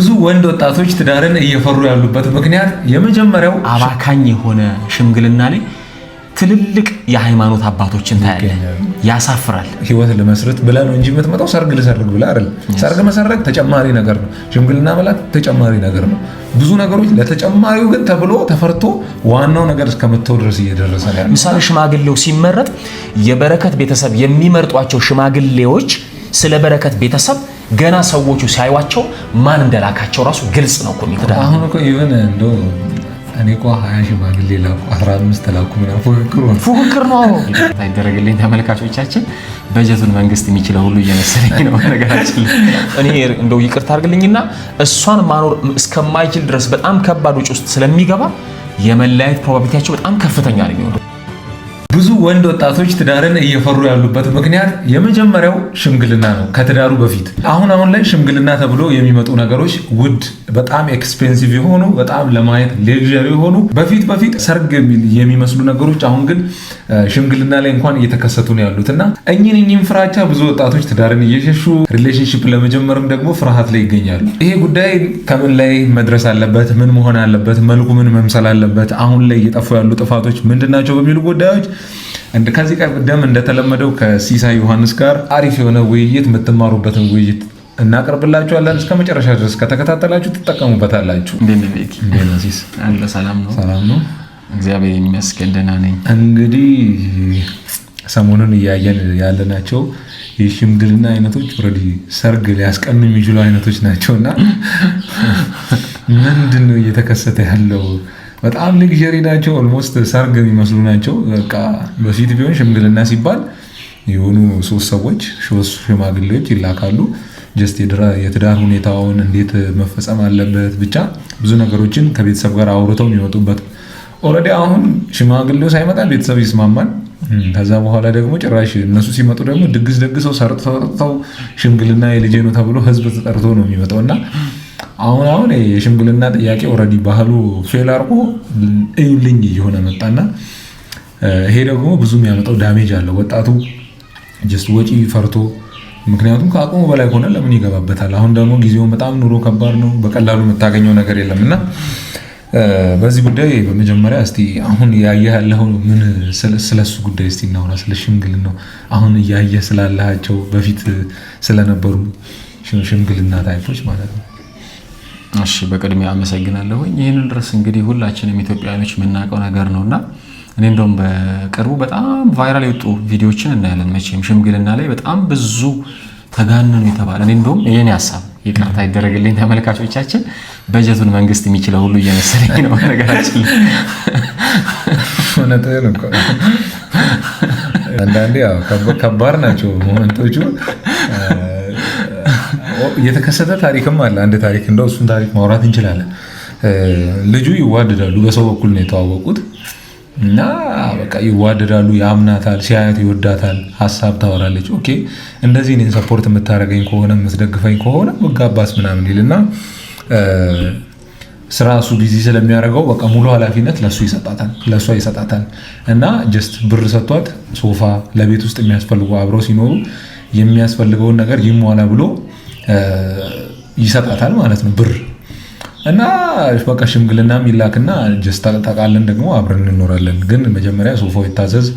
ብዙ ወንድ ወጣቶች ትዳርን እየፈሩ ያሉበት ምክንያት የመጀመሪያው አባካኝ የሆነ ሽምግልና ላይ ትልልቅ የሃይማኖት አባቶችን ታያለ። ያሳፍራል። ህይወት ልመስርት ብለህ ነው እንጂ የምትመጣው ሰርግ ልሰርግ ብለህ አይደል። ሰርግ መሰረግ ተጨማሪ ነገር ነው። ሽምግልና መላክ ተጨማሪ ነገር ነው። ብዙ ነገሮች ለተጨማሪው ግን ተብሎ ተፈርቶ ዋናው ነገር እስከምትተው ድረስ እየደረሰ ያለ ምሳሌ ሽማግሌው ሲመረጥ የበረከት ቤተሰብ የሚመርጧቸው ሽማግሌዎች ስለ በረከት ቤተሰብ ገና ሰዎቹ ሲያዩቸው ማን እንደላካቸው ራሱ ግልጽ ነው እኮ የሚክዳ አሁን እኮ ኢቨን እንደው እኔ እኮ ሀያ ሽማግሌ ላኩ አስራ አምስት ላኩ ፉክክር ነው ፉክክር ነው ይደረግልኝ። ተመልካቾቻችን በጀቱን መንግስት የሚችለው ሁሉ እየመሰለኝ ነው። ነገራችን እኔ እንደው ይቅርታ አድርግልኝና እሷን ማኖር እስከማይችል ድረስ በጣም ከባድ ውጭ ውስጥ ስለሚገባ የመለያየት ፕሮባቢሊቲያቸው በጣም ከፍተኛ ነው የሚሆነው። ብዙ ወንድ ወጣቶች ትዳርን እየፈሩ ያሉበት ምክንያት የመጀመሪያው ሽምግልና ነው። ከትዳሩ በፊት አሁን አሁን ላይ ሽምግልና ተብሎ የሚመጡ ነገሮች ውድ፣ በጣም ኤክስፔንሲቭ የሆኑ በጣም ለማየት ሌዥር የሆኑ በፊት በፊት ሰርግ የሚመስሉ ነገሮች አሁን ግን ሽምግልና ላይ እንኳን እየተከሰቱ ነው ያሉት እና እኝን እኝም ፍራቻ ብዙ ወጣቶች ትዳርን እየሸሹ ሪሌሽንሽፕ ለመጀመርም ደግሞ ፍርሃት ላይ ይገኛሉ። ይሄ ጉዳይ ከምን ላይ መድረስ አለበት? ምን መሆን አለበት? መልኩ ምን መምሰል አለበት? አሁን ላይ እየጠፉ ያሉ ጥፋቶች ምንድናቸው በሚሉ ጉዳዮች ከዚህ ቀደም እንደተለመደው ከሲሳይ ዮሐንስ ጋር አሪፍ የሆነ ውይይት የምትማሩበትን ውይይት እናቀርብላችኋለን። እስከ መጨረሻ ድረስ ከተከታተላችሁ ትጠቀሙበታላችሁ። ሰላም ነው፣ እግዚአብሔር ይመስገን ደህና ነኝ። እንግዲህ ሰሞኑን እያየን ያለናቸው የሽምግልና አይነቶች ኦልሬዲ ሰርግ ሊያስቀኑ የሚችሉ አይነቶች ናቸው እና ምንድን ነው እየተከሰተ ያለው? በጣም ልግዠሪ ናቸው። ኦልሞስት ሰርግ የሚመስሉ ናቸው። በቃ በፊት ቢሆን ሽምግልና ሲባል የሆኑ ሶስት ሰዎች ሶስት ሽማግሌዎች ይላካሉ። ጀስት የትዳር ሁኔታውን እንዴት መፈጸም አለበት ብቻ ብዙ ነገሮችን ከቤተሰብ ጋር አውርተው የሚወጡበት ኦልሬዲ አሁን ሽማግሌው ሳይመጣ ቤተሰብ ይስማማል። ከዛ በኋላ ደግሞ ጭራሽ እነሱ ሲመጡ ደግሞ ድግስ ደግሰው ሰርተው ሽምግልና የልጄ ነው ተብሎ ህዝብ ተጠርቶ ነው የሚመጣው እና አሁን አሁን የሽምግልና ጥያቄ ኦልሬዲ ባህሉ ፌል አርጎ እዩልኝ እየሆነ መጣና ይሄ ደግሞ ብዙ የሚያመጣው ዳሜጅ አለው። ወጣቱ ጀስት ወጪ ፈርቶ፣ ምክንያቱም ከአቅሙ በላይ ከሆነ ለምን ይገባበታል? አሁን ደግሞ ጊዜውን በጣም ኑሮ ከባድ ነው። በቀላሉ የምታገኘው ነገር የለም እና በዚህ ጉዳይ በመጀመሪያ እስኪ አሁን ያየህ ያለው ምን ስለሱ ጉዳይ እስቲ እናውራ፣ ስለ ሽምግልና ነው አሁን እያየህ ስላለሃቸው በፊት ስለነበሩ ሽምግልና ታይፖች ማለት ነው። እሺ በቅድሚያ አመሰግናለሁኝ። ይህንን ድረስ እንግዲህ ሁላችንም ኢትዮጵያውያኖች የምናውቀው ነገር ነው እና እኔ እንደውም በቅርቡ በጣም ቫይራል የወጡ ቪዲዮዎችን እናያለን። መቼም ሽምግልና ላይ በጣም ብዙ ተጋነኑ የተባለ እኔ እንደውም የኔ ሀሳብ ይቅርታ ይደረግልኝ ተመልካቾቻችን፣ በጀቱን መንግስት የሚችለው ሁሉ እየመሰለኝ ነው። ነገራችን አንዳንዴ ከባድ ናቸው ሞመንቶቹ የተከሰተ ታሪክም አለ። አንድ ታሪክ እንደው እሱን ታሪክ ማውራት እንችላለን። ልጁ ይዋደዳሉ፣ በሰው በኩል ነው የተዋወቁት እና በቃ ይዋደዳሉ። ያምናታል፣ ሲያያት ይወዳታል፣ ሀሳብ ታወራለች። ኦኬ እንደዚህ እኔን ሰፖርት የምታደርገኝ ከሆነ የምትደግፈኝ ከሆነ መጋባት ምናምን ይልና ስራ እሱ ቢዚ ስለሚያደርገው በቃ ሙሉ ኃላፊነት ለሱ ይሰጣታል፣ ለእሷ ይሰጣታል። እና ጀስት ብር ሰጥቷት ሶፋ ለቤት ውስጥ የሚያስፈልጉ አብረው ሲኖሩ የሚያስፈልገውን ነገር ይሟላ ብሎ ይሰጣታል ማለት ነው ብር እና በቃ ሽምግልና ሚላክና ጀስታ ደግሞ አብረን እንኖራለን፣ ግን መጀመሪያ ሶፋው ይታዘዝ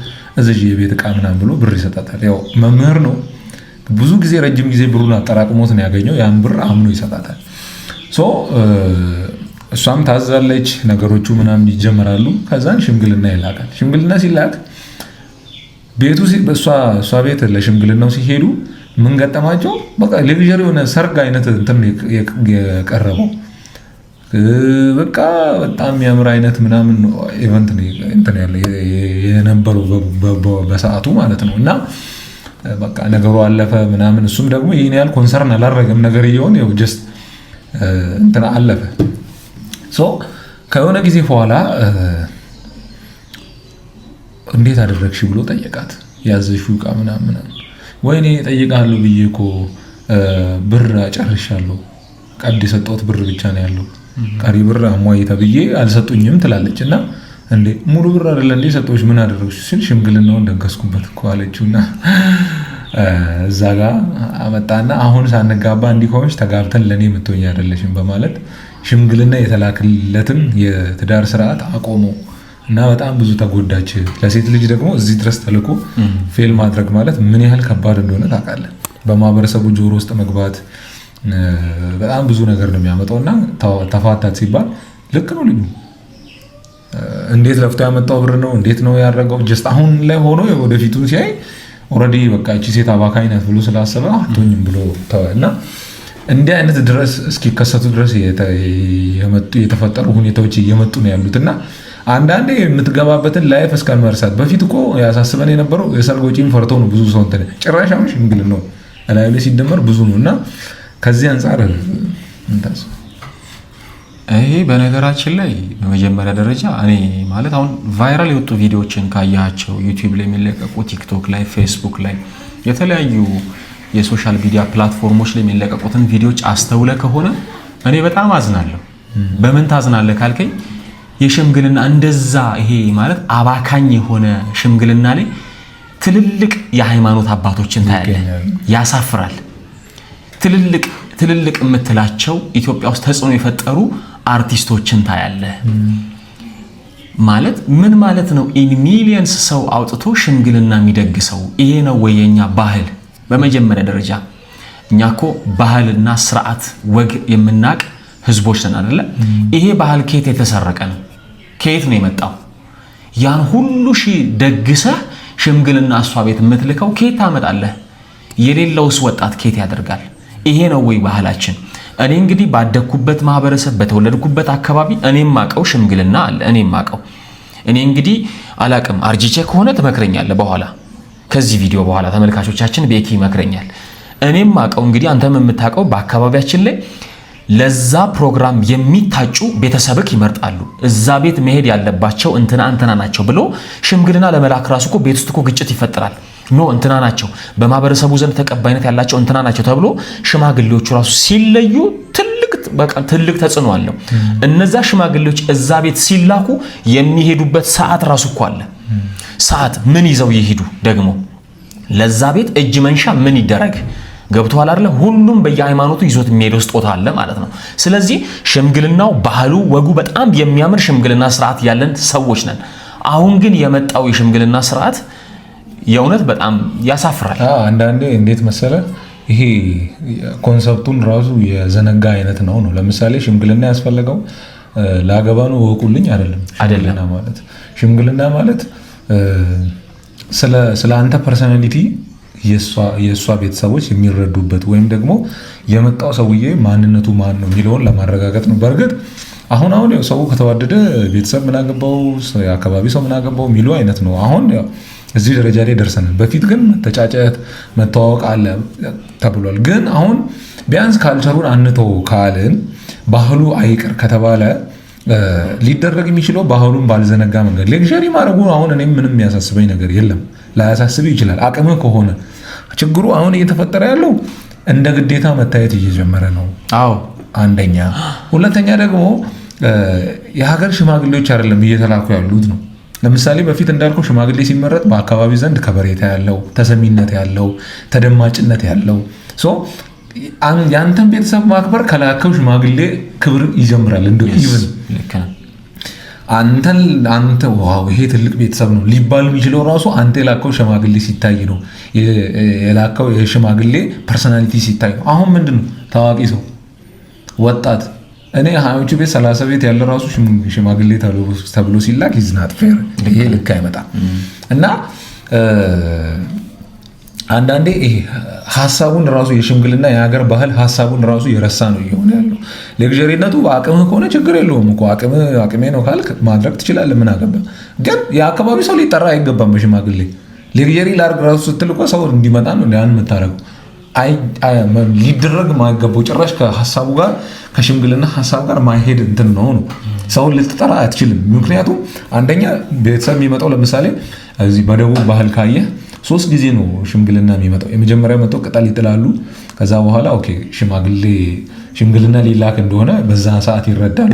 እዚህ የቤት እቃ ምናምን ብሎ ብር ይሰጣታል። ያው መምህር ነው። ብዙ ጊዜ ረጅም ጊዜ ብሩን አጠራቅሞት ነው ያገኘው። ያን ብር አምኖ ይሰጣታል። እሷም ታዛለች። ነገሮቹ ምናምን ይጀመራሉ። ከዛን ሽምግልና ይላካል። ሽምግልና ሲላክ ቤቱ እሷ ቤት ለሽምግልናው ሲሄዱ ምን ገጠማቸው? በቃ ሌክዠሪ የሆነ ሰርግ አይነት እንትን የቀረበው በቃ በጣም የሚያምር አይነት ምናምን ኢቨንት እንትን ያለ የነበረው በሰዓቱ ማለት ነው። እና በቃ ነገሩ አለፈ ምናምን። እሱም ደግሞ ይህን ያህል ኮንሰርን አላረገም ነገር እየሆን ው ጀስት እንትን አለፈ። ከሆነ ጊዜ በኋላ እንዴት አደረግሽ ብሎ ጠየቃት። ያዘሹ ዕቃ ምናምን ወይኔ እጠይቃለሁ ብዬ እኮ ብር ጨርሻለሁ፣ ቀድ የሰጠሁት ብር ብቻ ነው ያለው፣ ቀሪ ብር አሟይታ ብዬ አልሰጡኝም ትላለች። እና እንዴ ሙሉ ብር አይደለ እንዴ ሰጠዎች ምን አደረግሽ ሲል ሽምግልናውን ደገስኩበት እኮ አለችው። አለችውና እዛ ጋ አመጣና አሁን ሳንጋባ እንዲህ ከሆንሽ ተጋብተን ለእኔ የምትሆኝ አይደለሽም በማለት ሽምግልና የተላክለትን የትዳር ስርዓት አቆመው። እና በጣም ብዙ ተጎዳች። ለሴት ልጅ ደግሞ እዚህ ድረስ ተልኮ ፌል ማድረግ ማለት ምን ያህል ከባድ እንደሆነ ታውቃለህ። በማህበረሰቡ ጆሮ ውስጥ መግባት በጣም ብዙ ነገር ነው የሚያመጣው። እና ተፋታት ሲባል ልክ ነው ልዩ እንዴት ለፍቶ ያመጣው ብር ነው እንዴት ነው ያደረገው። ጀስት አሁን ላይ ሆኖ ወደፊቱ ሲያይ ኦልሬዲ በቃ እቺ ሴት አባካኝ ናት ብሎ ስላሰበ አቶኝም ብሎ ተወ እና እንዲህ አይነት ድረስ እስኪከሰቱ ድረስ የተፈጠሩ ሁኔታዎች እየመጡ ነው ያሉት እና አንዳንዴ የምትገባበትን ላይፍ እስከ መርሳት በፊት እኮ ያሳስበን የነበረው የሰርግ ወጪን ፈርቶ ነው ብዙ ሰው እንትን ጭራሽ አሁን ሽምግል ነው ላይ ሲደመር ብዙ ነው እና ከዚህ አንጻር ይሄ በነገራችን ላይ በመጀመሪያ ደረጃ እኔ ማለት አሁን ቫይራል የወጡ ቪዲዮዎችን ካያቸው ዩቲዩብ ላይ የሚለቀቁ ቲክቶክ ላይ ፌስቡክ ላይ የተለያዩ የሶሻል ሚዲያ ፕላትፎርሞች ላይ የሚለቀቁትን ቪዲዮዎች አስተውለ ከሆነ እኔ በጣም አዝናለሁ። በምን ታዝናለህ ካልከኝ የሽምግልና እንደዛ ይሄ ማለት አባካኝ የሆነ ሽምግልና ላይ ትልልቅ የሃይማኖት አባቶችን ታያለ። ያሳፍራል። ትልልቅ ትልልቅ የምትላቸው ኢትዮጵያ ውስጥ ተጽዕኖ የፈጠሩ አርቲስቶችን ታያለ። ማለት ምን ማለት ነው? ኢን ሚሊየንስ ሰው አውጥቶ ሽምግልና የሚደግሰው ይሄ ነው ወይ የኛ ባህል? በመጀመሪያ ደረጃ እኛ እኮ ባህልና ስርዓት ወግ የምናቅ ህዝቦች ነን አይደለ? ይሄ ባህል ከየት የተሰረቀ ነው? ከየት ነው የመጣው? ያን ሁሉ ሺ ደግሰህ ሽምግልና እሷ ቤት የምትልከው ከየት ታመጣለህ? የሌለውስ ወጣት ከየት ያደርጋል? ይሄ ነው ወይ ባህላችን? እኔ እንግዲህ ባደግኩበት ማህበረሰብ በተወለድኩበት አካባቢ እኔም ማቀው ሽምግልና አለ። እኔ ማቀው እኔ እንግዲህ አላቅም። አርጅቼ ከሆነ ትመክረኛለህ በኋላ ከዚህ ቪዲዮ በኋላ ተመልካቾቻችን ቤኪ ይመክረኛል። እኔም አቀው እንግዲህ አንተም የምታውቀው በአካባቢያችን ላይ ለዛ ፕሮግራም የሚታጩ ቤተሰብክ ይመርጣሉ። እዛ ቤት መሄድ ያለባቸው እንትና እንትና ናቸው ብሎ ሽምግልና ለመላክ ራሱ እኮ ቤት ውስጥ እኮ ግጭት ይፈጠራል። ኖ እንትና ናቸው፣ በማህበረሰቡ ዘንድ ተቀባይነት ያላቸው እንትና ናቸው ተብሎ ሽማግሌዎቹ ራሱ ሲለዩ ትልቅ ተጽዕኖ አለው። እነዛ ሽማግሌዎች እዛ ቤት ሲላኩ የሚሄዱበት ሰዓት ራሱ እኮ አለ። ሰዓት ምን ይዘው ይሄዱ ደግሞ ለዛ ቤት እጅ መንሻ ምን ይደረግ ገብቶሃል አይደለ? ሁሉም በየሃይማኖቱ ይዞት የሚሄደው ስጦታ አለ ማለት ነው። ስለዚህ ሽምግልናው፣ ባህሉ፣ ወጉ በጣም የሚያምር ሽምግልና ስርዓት ያለን ሰዎች ነን። አሁን ግን የመጣው የሽምግልና ስርዓት የእውነት በጣም ያሳፍራል። አንዳንዴ እንዴት መሰለ ይሄ ኮንሰፕቱን ራሱ የዘነጋ አይነት ነው ነው። ለምሳሌ ሽምግልና ያስፈለገው ለአገባ ነው ወቁልኝ አይደለም። አይደለም ማለት ሽምግልና ማለት ስለ አንተ ፐርሰናሊቲ የእሷ ቤተሰቦች የሚረዱበት ወይም ደግሞ የመጣው ሰውዬ ማንነቱ ማን ነው የሚለውን ለማረጋገጥ ነው። በእርግጥ አሁን አሁን ሰው ከተዋደደ ቤተሰብ ምናገባው፣ የአካባቢ ሰው ምናገባው የሚሉ አይነት ነው። አሁን እዚህ ደረጃ ላይ ደርሰናል። በፊት ግን መተጫጨት፣ መተዋወቅ አለ ተብሏል። ግን አሁን ቢያንስ ካልቸሩን አንተው ካልን ባህሉ አይቅር ከተባለ ሊደረግ የሚችለው ባህሉን ባልዘነጋ መንገድ ሌክዠሪ ማድረጉ አሁን እኔም ምንም የሚያሳስበኝ ነገር የለም። ላያሳስብ ይችላል። አቅም ከሆነ ችግሩ አሁን እየተፈጠረ ያለው እንደ ግዴታ መታየት እየጀመረ ነው። አዎ አንደኛ። ሁለተኛ ደግሞ የሀገር ሽማግሌዎች አይደለም እየተላኩ ያሉት ነው። ለምሳሌ በፊት እንዳልከው ሽማግሌ ሲመረጥ በአካባቢ ዘንድ ከበሬታ ያለው፣ ተሰሚነት ያለው፣ ተደማጭነት ያለው ያንተን ቤተሰብ ማክበር ከላከው ሽማግሌ ክብር ይጀምራል። አንተን አንተ ዋው ይሄ ትልቅ ቤተሰብ ነው ሊባል የሚችለው ራሱ አንተ የላከው ሽማግሌ ሲታይ ነው። የላከው የሽማግሌ ፐርሰናሊቲ ሲታይ ነው። አሁን ምንድን ነው ታዋቂ ሰው ወጣት እኔ ሀያዎቹ ቤት ሰላሳ ቤት ያለ ራሱ ሽማግሌ ተብሎ ሲላክ ይዝናት ፌር ይሄ ልክ አይመጣም እና አንዳንዴ ይሄ ሀሳቡን ራሱ የሽምግልና የሀገር ባህል ሀሳቡን ራሱ የረሳ ነው እየሆነ ያለው። ለግዠሪነቱ አቅምህ ከሆነ ችግር የለውም እኮ አቅሜ ነው ካልክ ማድረግ ትችላለህ። ምን አገባ። ግን የአካባቢ ሰው ሊጠራ አይገባም። በሽማግሌ ለግዠሪ ላርግ ራሱ ስትል እኮ ሰው እንዲመጣ ነው ያን የምታደርገው። ሊደረግ ማይገባው ጭራሽ ከሀሳቡ ጋር ከሽምግልና ሀሳቡ ጋር ማሄድ እንትን ነው ነው ሰውን ልትጠራ አትችልም። ምክንያቱም አንደኛ ቤተሰብ የሚመጣው ለምሳሌ እዚህ በደቡብ ባህል ካየህ ሶስት ጊዜ ነው ሽምግልና የሚመጣው። የመጀመሪያ መጥተው ቅጠል ይጥላሉ። ከዛ በኋላ ኦኬ ሽማግሌ ሽምግልና ሊላክ እንደሆነ በዛ ሰዓት ይረዳሉ።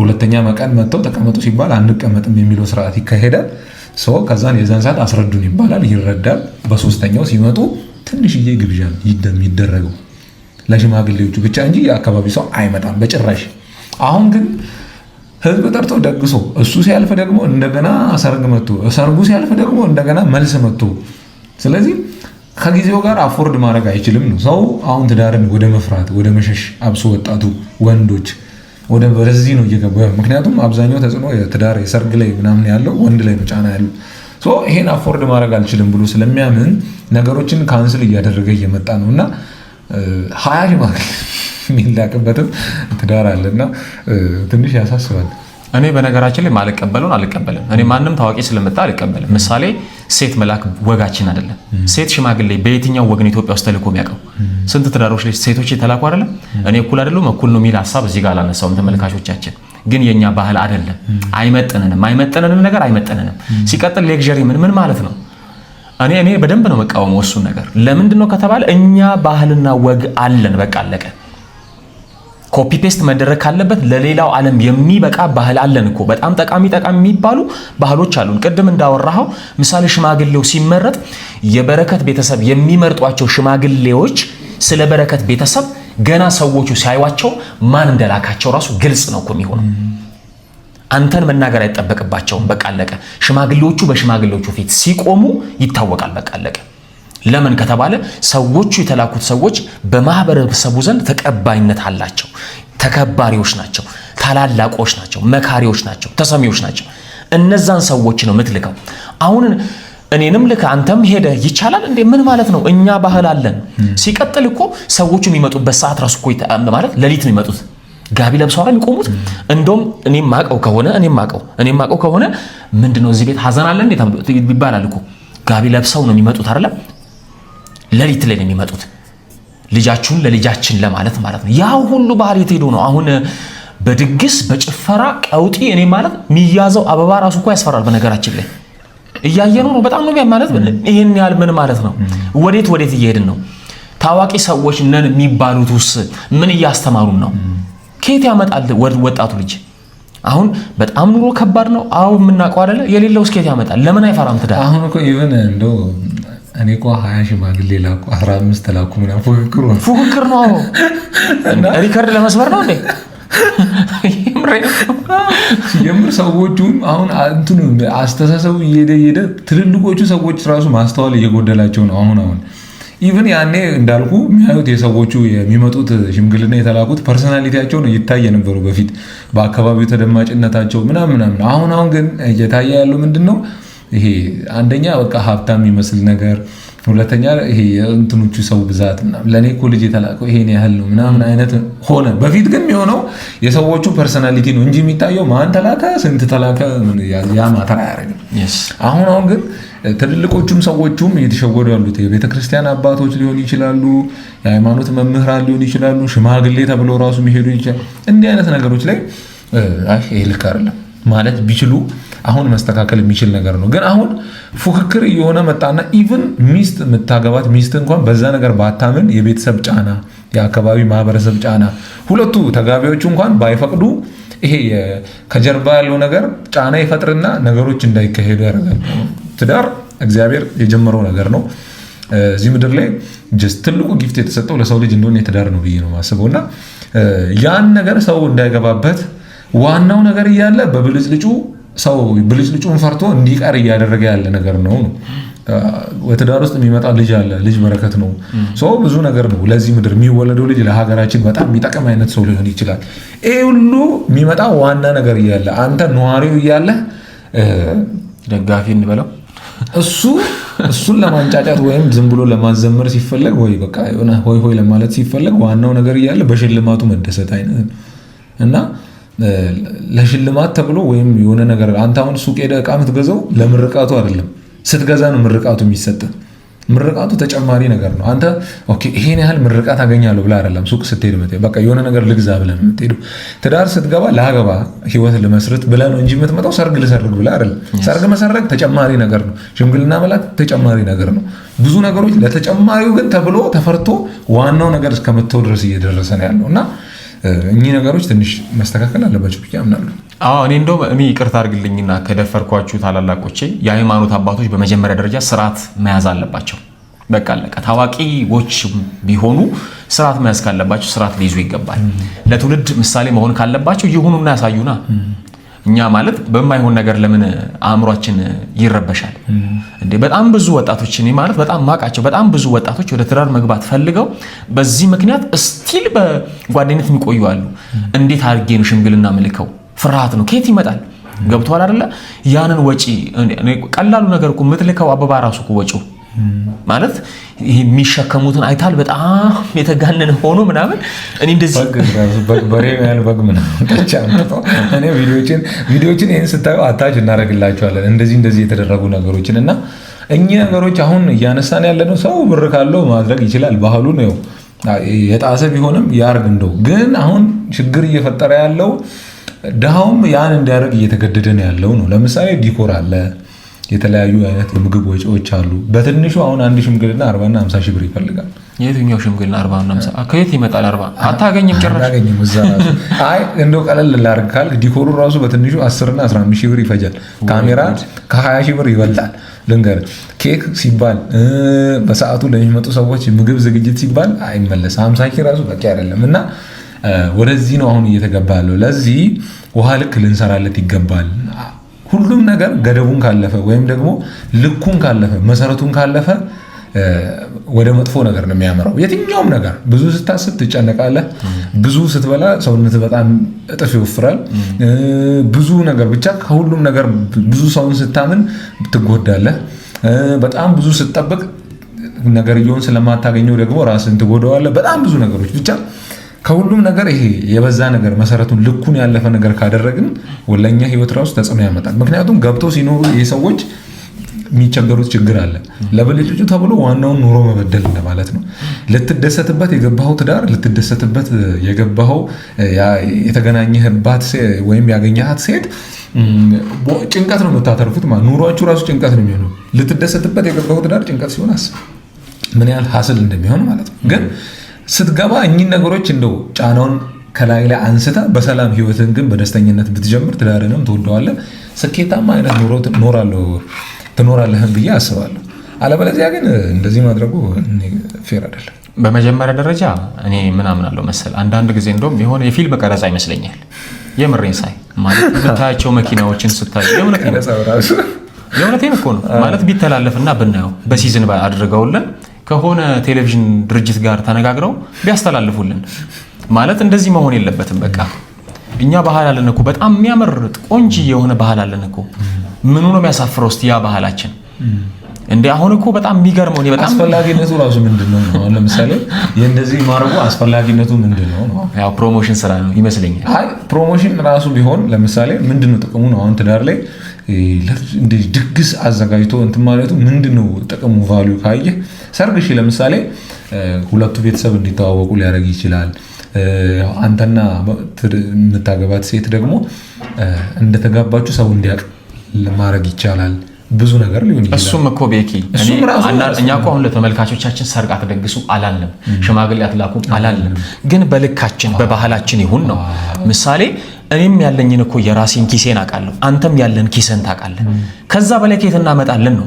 ሁለተኛ መቀን መጥተው ተቀመጡ ሲባል አንቀመጥም የሚለው ስርዓት ይካሄዳል። ከዛን የዛን ሰዓት አስረዱን ይባላል፣ ይረዳል። በሶስተኛው ሲመጡ ትንሽዬ ግብዣ የሚደረገው ለሽማግሌዎቹ ብቻ እንጂ የአካባቢ ሰው አይመጣም በጭራሽ። አሁን ግን ህዝብ ጠርቶ ደግሶ እሱ ሲያልፍ ደግሞ እንደገና ሰርግ መጥቶ ሰርጉ ሲያልፍ ደግሞ እንደገና መልስ መጥቶ ስለዚህ ከጊዜው ጋር አፎርድ ማድረግ አይችልም ነው ሰው አሁን ትዳርን ወደ መፍራት ወደ መሸሽ አብሶ ወጣቱ ወንዶች ወደዚህ ነው እየገባ ምክንያቱም አብዛኛው ተጽዕኖ ትዳር የሰርግ ላይ ምናምን ያለው ወንድ ላይ ነው ጫና ያለው ይሄን አፎርድ ማድረግ አልችልም ብሎ ስለሚያምን ነገሮችን ካንስል እያደረገ እየመጣ ነው እና ሀያ ሽማግሌ የሚላቅበትም ትዳር አለና ትንሽ ያሳስባል እኔ በነገራችን ላይ ማልቀበለውን አልቀበልም። እኔ ማንም ታዋቂ ስለመጣ አልቀበልም። ምሳሌ ሴት መላክ ወጋችን አይደለም። ሴት ሽማግሌ በየትኛው ወግን ኢትዮጵያ ውስጥ ተልኮ የሚያውቀው ስንት ትዳሮች ላይ ሴቶች የተላኩ አይደለም። እኔ እኩል አይደሉም እኩል ነው የሚል ሀሳብ እዚህ ጋር አላነሳውም። ተመልካቾቻችን ግን የእኛ ባህል አይደለም፣ አይመጥንንም። አይመጥንንም ነገር አይመጥንንም። ሲቀጥል ሌክዠሪ ምን ምን ማለት ነው? እኔ እኔ በደንብ ነው መቃወመው እሱን ነገር። ለምንድን ነው ከተባለ እኛ ባህልና ወግ አለን። በቃ አለቀ። ኮፒ ፔስት መደረግ ካለበት ለሌላው ዓለም የሚበቃ ባህል አለን እኮ። በጣም ጠቃሚ ጠቃሚ የሚባሉ ባህሎች አሉን። ቅድም እንዳወራኸው ምሳሌ ሽማግሌው ሲመረጥ የበረከት ቤተሰብ የሚመርጧቸው ሽማግሌዎች ስለ በረከት ቤተሰብ ገና ሰዎቹ ሲያዩቸው ማን እንደላካቸው ራሱ ግልጽ ነው እኮ አንተን መናገር አይጠበቅባቸውም። በቃለቀ ሽማግሌዎቹ በሽማግሌዎቹ ፊት ሲቆሙ ይታወቃል። በቃለቀ ለምን ከተባለ ሰዎቹ የተላኩት ሰዎች በማህበረሰቡ ዘንድ ተቀባይነት አላቸው። ተከባሪዎች ናቸው፣ ታላላቆች ናቸው፣ መካሪዎች ናቸው፣ ተሰሚዎች ናቸው። እነዛን ሰዎች ነው የምትልከው። አሁን እኔንም ልክ አንተም ሄደ ይቻላል እንዴ? ምን ማለት ነው? እኛ ባህል አለን። ሲቀጥል እኮ ሰዎቹ የሚመጡበት ሰዓት ራሱ እኮ ማለት ሌሊት ነው የሚመጡት ጋቢ ለብሰው አይደል የሚቆሙት? እንደውም እኔ ማቀው ከሆነ እኔ ማቀው እኔ ማቀው ከሆነ ምንድነው እዚህ ቤት ሀዘን አለ እንዴ ይባላል እኮ ጋቢ ለብሰው ነው የሚመጡት አይደለም ሌሊት ላይ ነው የሚመጡት። ልጃችሁን ለልጃችን ለማለት ማለት ነው። ያ ሁሉ ባህል የት ሄዶ ነው አሁን? በድግስ በጭፈራ ቀውጢ እኔ ማለት የሚያዘው አበባ ራሱ እኮ ያስፈራል። በነገራችን ላይ እያየነው ነው። በጣም ነው ማለት ይህን ያህል ምን ማለት ነው? ወዴት ወዴት እየሄድን ነው? ታዋቂ ሰዎች ነን የሚባሉት ውስጥ ምን እያስተማሩን ነው? ከየት ያመጣል ወጣቱ ልጅ? አሁን በጣም ኑሮ ከባድ ነው። አሁን የምናውቀው አይደለ? የሌለው እስከ ያመጣል? ለምን አይፈራም ትዳር? አሁን እኮ ኢቨን እንደው እኔ እኮ ሀያ ሽማግሌ ላኩ አስራ አምስት ላኩ ምናምን ፉክክር ነው ፉክክር ነው። ሪከርድ ለመስበር ነው እንዴ? የምር ሰዎቹም አሁን እንትኑ አስተሳሰቡ እየሄደ እየሄደ ትልልቆቹ ሰዎች ራሱ ማስተዋል እየጎደላቸው ነው። አሁን አሁን ኢቭን ያኔ እንዳልኩ የሚያዩት የሰዎቹ የሚመጡት ሽምግልና የተላኩት ነው ይታየ ነበሩ በፊት በአካባቢው ተደማጭነታቸው ምናምን ምናምን። አሁን አሁን ግን እየታየ ያለው ምንድን ነው ይሄ አንደኛ በቃ ሀብታም የሚመስል ነገር፣ ሁለተኛ ይሄ የእንትኖቹ ሰው ብዛት ለእኔ እኮ ልጅ የተላቀው ይሄን ያህል ነው ምናምን አይነት ሆነ። በፊት ግን የሚሆነው የሰዎቹ ፐርሰናሊቲ ነው እንጂ የሚታየው ማን ተላከ፣ ስንት ተላከ ያ ማተር አያደርግም። አሁን አሁን ግን ትልልቆቹም ሰዎቹም እየተሸወዱ ያሉት የቤተክርስቲያን አባቶች ሊሆኑ ይችላሉ፣ የሃይማኖት መምህራን ሊሆኑ ይችላሉ፣ ሽማግሌ ተብሎ ራሱ የሚሄዱ ይችላል። እንዲህ አይነት ነገሮች ላይ ይሄ ልክ አይደለም ማለት ቢችሉ አሁን መስተካከል የሚችል ነገር ነው። ግን አሁን ፉክክር እየሆነ መጣና ኢቭን ሚስት የምታገባት ሚስት እንኳን በዛ ነገር ባታምን የቤተሰብ ጫና፣ የአካባቢ ማህበረሰብ ጫና ሁለቱ ተጋቢዎቹ እንኳን ባይፈቅዱ ይሄ ከጀርባ ያለው ነገር ጫና ይፈጥርና ነገሮች እንዳይካሄዱ ያደርጋል። ትዳር እግዚአብሔር የጀመረው ነገር ነው። እዚህ ምድር ላይ ትልቁ ጊፍት የተሰጠው ለሰው ልጅ እንደሆነ የትዳር ነው ብዬ ነው ማስበው እና ያን ነገር ሰው እንዳይገባበት ዋናው ነገር እያለ በብልጭልጩ ሰው ብልጭልጩን ፈርቶ እንዲቀር እያደረገ ያለ ነገር ነው። በትዳር ውስጥ የሚመጣ ልጅ አለ። ልጅ በረከት ነው። ሰው ብዙ ነገር ነው። ለዚህ ምድር የሚወለደው ልጅ ለሀገራችን በጣም የሚጠቅም አይነት ሰው ሊሆን ይችላል። ይሄ ሁሉ የሚመጣ ዋና ነገር እያለ አንተ ነዋሪው እያለ ደጋፊ እንበለው እሱ እሱን ለማንጫጫት ወይም ዝም ብሎ ለማዘመር ሲፈለግ ወይ በቃ ሆይ ሆይ ለማለት ሲፈለግ ዋናው ነገር እያለ በሽልማቱ መደሰት አይነት እና ለሽልማት ተብሎ ወይም የሆነ ነገር አንተ አሁን ሱቅ ሄደህ እቃ የምትገዛው ለምርቃቱ አይደለም። ስትገዛ ነው ምርቃቱ የሚሰጥ። ምርቃቱ ተጨማሪ ነገር ነው። አንተ ይሄን ያህል ምርቃት አገኛለሁ ብለህ አይደለም ሱቅ ስትሄድ በቃ የሆነ ነገር ልግዛ ብለህ ነው የምትሄደው። ትዳር ስትገባ ላገባ፣ ህይወት ልመስርት ብለህ ነው እንጂ የምትመጣው ሰርግ ልሰርግ ብለህ አይደለም። ሰርግ መሰረግ ተጨማሪ ነገር ነው። ሽምግልና መላክ ተጨማሪ ነገር ነው። ብዙ ነገሮች ለተጨማሪው ግን ተብሎ ተፈርቶ ዋናው ነገር እስከምትተው ድረስ እየደረሰ ነው ያለው እና እኚህ ነገሮች ትንሽ መስተካከል አለባቸው ብዬ አምናለሁ። እኔ እንደውም እኔ ይቅርታ አድርግልኝና ከደፈርኳችሁ ታላላቆቼ የሃይማኖት አባቶች በመጀመሪያ ደረጃ ስርዓት መያዝ አለባቸው። በቃ አለቀ። ታዋቂዎች ቢሆኑ ስርዓት መያዝ ካለባቸው ስርዓት ሊይዙ ይገባል። ለትውልድ ምሳሌ መሆን ካለባቸው ይሁኑና ያሳዩና እኛ ማለት በማይሆን ነገር ለምን አእምሯችን ይረበሻል እንዴ? በጣም ብዙ ወጣቶች እኔ ማለት በጣም ማቃቸው በጣም ብዙ ወጣቶች ወደ ትዳር መግባት ፈልገው በዚህ ምክንያት እስቲል በጓደኝነት የሚቆዩ አሉ። እንዴት አድርጌ ነው ሽምግልና ምልከው? ፍርሃት ነው ከየት ይመጣል? ገብተዋል አይደለ? ያንን ወጪ ቀላሉ ነገር እኮ የምትልከው አበባ ራሱ እኮ ወጪው ማለት የሚሸከሙትን አይታል በጣም የተጋነነ ሆኖ ምናምን እኔ እንደዚህ በሬ በግ ምናምን ቪዲዮችን ይህን ስታዩ አታች እናደርግላቸዋለን እንደዚህ እንደዚህ የተደረጉ ነገሮችን እና እኚህ ነገሮች አሁን እያነሳን ያለነው ሰው ብር ካለው ማድረግ ይችላል። ባህሉ ነው የጣሰ ቢሆንም ያርግ እንደው ግን አሁን ችግር እየፈጠረ ያለው ድሃውም ያን እንዲያደርግ እየተገደደ ነው ያለው ነው። ለምሳሌ ዲኮር አለ የተለያዩ አይነት የምግብ ወጪዎች አሉ። በትንሹ አሁን አንድ ሽምግልና አርባና ሀምሳ ሺህ ብር ይፈልጋል። የትኛው ሽምግልና አርባ ሀምሳ ከየት ይመጣል? አርባ አታገኝም ጭራሽ አይ እንደው ቀለል ላድርግ ካልክ ዲኮሩ ራሱ በትንሹ አስርና አስራ አምስት ሺህ ብር ይፈጃል። ካሜራ ከሀያ ሺህ ብር ይበልጣል። ልንገር ኬክ ሲባል በሰዓቱ ለሚመጡ ሰዎች ምግብ ዝግጅት ሲባል አይመለስ ሀምሳ ሺህ ራሱ በቂ አይደለም እና ወደዚህ ነው አሁን እየተገባ ያለው። ለዚህ ውሃ ልክ ልንሰራለት ይገባል። ሁሉም ነገር ገደቡን ካለፈ ወይም ደግሞ ልኩን ካለፈ መሰረቱን ካለፈ ወደ መጥፎ ነገር ነው የሚያመራው። የትኛውም ነገር ብዙ ስታስብ ትጨነቃለህ። ብዙ ስትበላ ሰውነት በጣም እጥፍ ይወፍራል። ብዙ ነገር ብቻ ከሁሉም ነገር ብዙ ሰውን ስታምን ትጎዳለህ። በጣም ብዙ ስትጠብቅ ነገርየውን ስለማታገኘው ደግሞ ራስን ትጎዳዋለህ። በጣም ብዙ ነገሮች ብቻ ከሁሉም ነገር ይሄ የበዛ ነገር መሰረቱን ልኩን ያለፈ ነገር ካደረግን ወለኛ ህይወት ራሱ ተጽዕኖ ያመጣል። ምክንያቱም ገብቶ ሲኖሩ ይህ ሰዎች የሚቸገሩት ችግር አለ። ለብልጭጩ ተብሎ ዋናውን ኑሮ መበደል እንደማለት ነው። ልትደሰትበት የገባኸው ትዳር፣ ልትደሰትበት የገባኸው የተገናኘህባት ወይም ያገኘሃት ሴት ጭንቀት ነው የምታተርፉት። ኑሯችሁ ራሱ ጭንቀት ነው የሚሆነው። ልትደሰትበት የገባኸው ትዳር ጭንቀት ሲሆን አስብ ምን ያህል ሀስል እንደሚሆን ማለት ነው ግን ስትገባ እኚህን ነገሮች እንደው ጫናውን ከላይ ላይ አንስታ በሰላም ህይወትን ግን በደስተኝነት ብትጀምር ትዳርንም ትወደዋለህ፣ ስኬታማ አይነት ኑሮ ትኖራለህን ብዬ አስባለሁ። አለበለዚያ ግን እንደዚህ ማድረጉ ፌር አይደለም። በመጀመሪያ ደረጃ እኔ ምናምን አለው መሰል አንዳንድ ጊዜ እንደውም የሆነ የፊልም ቀረጻ ይመስለኛል። የምሬን ሳይ ማለት መኪናዎችን ስታይ የእውነቴን እኮ ነው ማለት ቢተላለፍና ብናየው በሲዝን አድርገውልን ከሆነ ቴሌቪዥን ድርጅት ጋር ተነጋግረው ቢያስተላልፉልን ማለት እንደዚህ መሆን የለበትም። በቃ እኛ ባህል አለን እኮ በጣም የሚያመርጥ ቆንጂ የሆነ ባህል አለን እኮ ምኑ ነው የሚያሳፍረው? እስቲ ያ ባህላችን እንደ አሁን እኮ በጣም የሚገርመው አስፈላጊነቱ ራሱ ምንድን ነው? ለምሳሌ የእንደዚህ ማድረጉ አስፈላጊነቱ ምንድን ነው? ያው ፕሮሞሽን ስራ ነው ይመስለኛል። ፕሮሞሽን ራሱ ቢሆን ለምሳሌ ምንድን ነው ጥቅሙ ነው አሁን ትዳር ላይ ድግስ አዘጋጅቶ እንትን ማለቱ ምንድን ነው ጥቅሙ? ቫሉ ካየህ ሰርግ ሺ ለምሳሌ ሁለቱ ቤተሰብ እንዲተዋወቁ ሊያደርግ ይችላል። አንተና የምታገባት ሴት ደግሞ እንደተጋባችሁ ሰው እንዲያውቅ ማድረግ ይቻላል። ብዙ ነገር ሊሆን ይችላል። እሱም እኮ ቤኪ እኛ እኮ አሁን ለተመልካቾቻችን ሰርግ አትደግሱ አላለም ሽማግሌ አትላኩም አላለም ግን በልካችን በባህላችን ይሁን ነው። ምሳሌ እኔም ያለኝን እኮ የራሴን ኪሴን አውቃለሁ፣ አንተም ያለን ኪሰን ታውቃለህ። ከዛ በላይ ከየት እናመጣለን ነው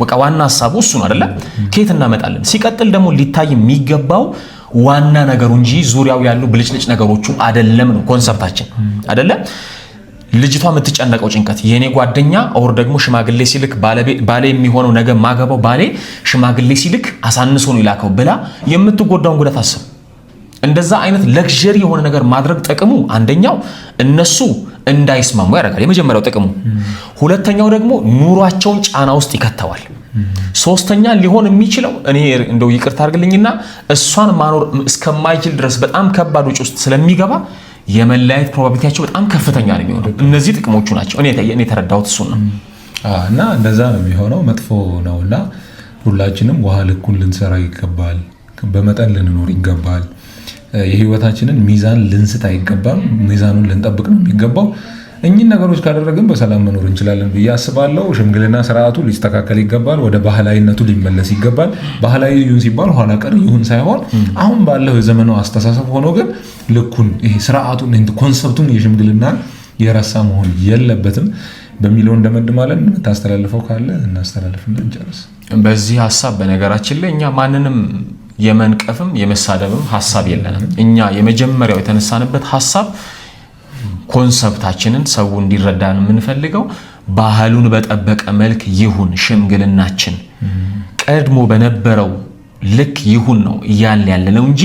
በቃ ዋና ሀሳቡ እሱ ነው አይደለም? ከየት እናመጣለን። ሲቀጥል ደግሞ ሊታይ የሚገባው ዋና ነገሩ እንጂ ዙሪያው ያሉ ብልጭልጭ ነገሮቹ አይደለም ነው ኮንሰፕታችን አይደለም? ልጅቷ የምትጨነቀው ጭንቀት የእኔ ጓደኛ ኦር ደግሞ ሽማግሌ ሲልክ ባሌ የሚሆነው ነገ ማገባው ባሌ ሽማግሌ ሲልክ አሳንሶ ነው ይላከው ብላ የምትጎዳውን ጉዳት አስብ። እንደዛ አይነት ለግዠሪ የሆነ ነገር ማድረግ ጥቅሙ አንደኛው እነሱ እንዳይስማሙ ያደርጋል። የመጀመሪያው ጥቅሙ። ሁለተኛው ደግሞ ኑሯቸውን ጫና ውስጥ ይከተዋል። ሶስተኛ ሊሆን የሚችለው እኔ እንደው ይቅርታ አድርግልኝና እሷን ማኖር እስከማይችል ድረስ በጣም ከባድ ውጭ ውስጥ ስለሚገባ የመለያየት ፕሮባቢሊቲያቸው በጣም ከፍተኛ ነው የሚሆነው። እነዚህ ጥቅሞቹ ናቸው። እኔ የተረዳሁት እሱ ነው እና እንደዛ ነው የሚሆነው። መጥፎ ነው እና ሁላችንም ውሃ ልኩን ልንሰራ ይገባል። በመጠን ልንኖር ይገባል። የህይወታችንን ሚዛን ልንስት አይገባም። ሚዛኑን ልንጠብቅ ነው የሚገባው። እኚህን ነገሮች ካደረግን በሰላም መኖር እንችላለን ብዬ አስባለሁ። ሽምግልና ስርዓቱ ሊስተካከል ይገባል። ወደ ባህላዊነቱ ሊመለስ ይገባል። ባህላዊ ይሁን ሲባል ኋላ ቀር ይሁን ሳይሆን አሁን ባለው የዘመኑ አስተሳሰብ ሆኖ ግን ልኩን ይሄ ስርዓቱን ኮንሰፕቱን የሽምግልና የረሳ መሆን የለበትም በሚለው እንደመድማለን። የምታስተላልፈው ካለ እናስተላልፍና እንጨርስ። በዚህ ሀሳብ በነገራችን ላይ እኛ ማንንም የመንቀፍም የመሳደብም ሀሳብ የለንም። እኛ የመጀመሪያው የተነሳንበት ሀሳብ ኮንሰፕታችንን ሰው እንዲረዳን የምንፈልገው ባህሉን በጠበቀ መልክ ይሁን ሽምግልናችን ቀድሞ በነበረው ልክ ይሁን ነው እያለ ያለ ነው እንጂ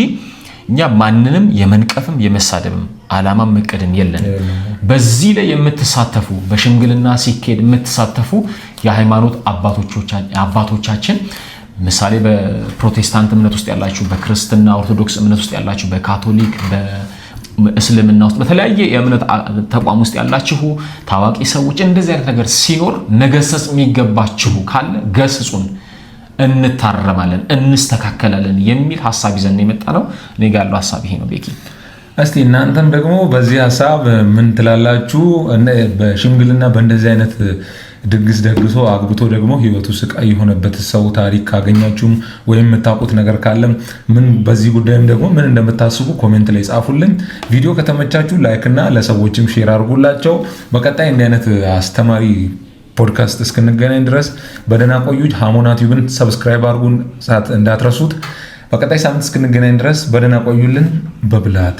እኛ ማንንም የመንቀፍም የመሳደብም አላማም መቀድም የለን። በዚህ ላይ የምትሳተፉ በሽምግልና ሲካሄድ የምትሳተፉ የሃይማኖት አባቶቻችን ምሳሌ በፕሮቴስታንት እምነት ውስጥ ያላችሁ፣ በክርስትና ኦርቶዶክስ እምነት ውስጥ ያላችሁ፣ በካቶሊክ እስልምና ውስጥ በተለያየ የእምነት ተቋም ውስጥ ያላችሁ ታዋቂ ሰዎች እንደዚህ አይነት ነገር ሲኖር መገሰጽ የሚገባችሁ ካለ ገስጹን። እንታረማለን፣ እንስተካከላለን የሚል ሀሳብ ይዘን የመጣ ነው። እኔ ጋ ያለው ሀሳብ ይሄ ነው። ቤኪ እስቲ እናንተም ደግሞ በዚህ ሀሳብ ምን ትላላችሁ? በሽምግልና በእንደዚህ አይነት ድግስ ደግሶ አግብቶ ደግሞ ህይወቱ ስቃይ የሆነበት ሰው ታሪክ ካገኛችሁም ወይም የምታውቁት ነገር ካለም ምን በዚህ ጉዳይም ደግሞ ምን እንደምታስቡ ኮሜንት ላይ ጻፉልኝ። ቪዲዮ ከተመቻችሁ ላይክና ለሰዎችም ሼር አድርጉላቸው። በቀጣይ እንዲህ አይነት አስተማሪ ፖድካስት እስክንገናኝ ድረስ በደህና ቆዩ። ሃሞና ቲዩብን ሰብስክራይብ አድርጉን እንዳትረሱት። በቀጣይ ሳምንት እስክንገናኝ ድረስ በደህና ቆዩልን። በብልሃት